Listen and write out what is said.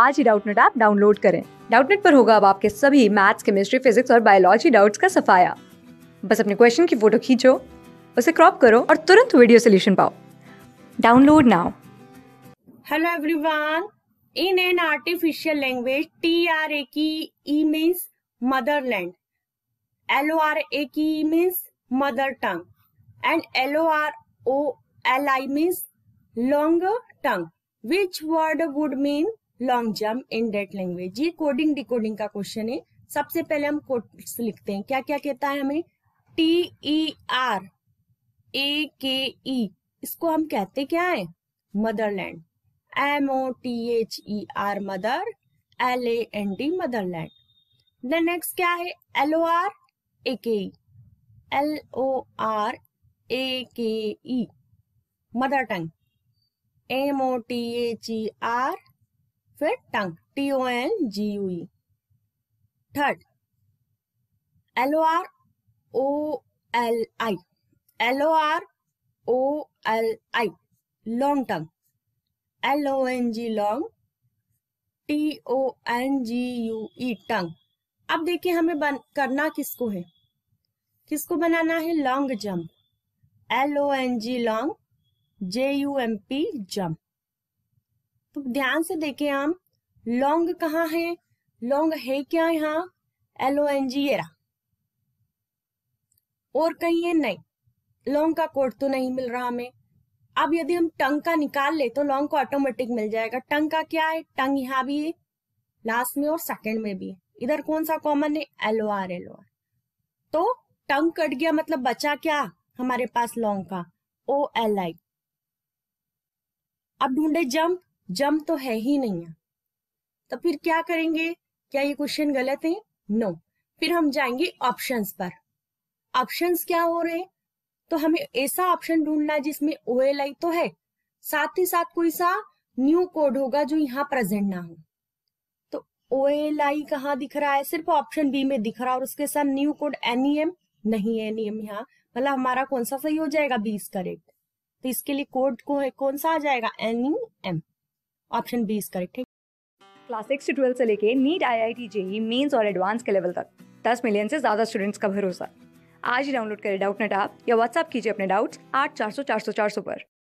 आज ही Doubtnut app download करें डाउटनेट पर होगा अब आपके सभी मैथ्स केमिस्ट्री फिजिक्स और बायोलॉजी डाउट्स का सफाया बस अपने क्वेश्चन की फोटो खींचो उसे क्रॉप करो और तुरंत वीडियो सोल्यूशन पाओ download now hello everyone in an artificial language T R A K E means motherland L O R A K E means mother tongue and L O R O L I means long tongue which word would mean long jump in that language ये coding decoding का question है सबसे पहले हम quotes लिखते हैं क्या क्या कहता है हमें T E R A K E इसको हम कहते क्या है motherland M O T H E R mother L A N D motherland then next क्या है L O R A K E L O R A K E mother tongue M O T H E R फिर tongue T O N G U third L O R O L I L O R O L I long tongue L O N G long T O N G U E tongue अब देखिए हमें बन, करना किसको है किसको बनाना है long jump L O N G long J U M P jump तो ध्यान से देखें हम लॉन्ग कहाँ है लॉन्ग है क्या यहाँ एल ओ एन जी एरा और कहीं है नहीं लॉन्ग का कोड तो नहीं मिल रहा हमें अब यदि हम टंग का निकाल ले तो लॉन्ग को ऑटोमेटिक मिल जाएगा टंग का क्या है टंग यहाँ भी है लास्ट में और सेकंड में भी है इधर कौन सा कॉमन है L O R L O R तो टंग कट गया मतलब बचा क्या हमारे पास लॉन्ग का ओ एल आई अब ढूंढे जंप जम तो है ही नहीं है तो फिर क्या करेंगे क्या ये क्वेश्चन गलत है नो no. फिर हम जाएंगे ऑप्शंस पर ऑप्शंस क्या हो रहे हैं तो हमें ऐसा ऑप्शन ढूंढना है जिसमें ओ तो है साथ ही साथ कोई सा न्यू कोड होगा जो यहाँ प्रेजेंट ना हो तो ओ एल आई कहाँ दिख रहा है सिर्फ ऑप्शन बी में दिख रहा है और उसके साथ न्यू कोड एनईएम नहीं है एम e यहाँ मतलब हमारा कौन सा सही हो जाएगा बीस करेक्ट तो इसके लिए कोड को है कौन सा आ जाएगा एनईएम ऑप्शन बी इज करेक्ट है क्लास सिक्स से ट्वेल्थ से लेके NEET I I T JEE Mains और एडवांस के लेवल तक दस मिलियन से ज़्यादा स्टूडेंट्स का भरोसा आज ही डाउनलोड करें डाउट नेट आप या व्हाट्सअप कीजिए अपने डाउट्स आठ चार सौ चार सौ चार सौ पर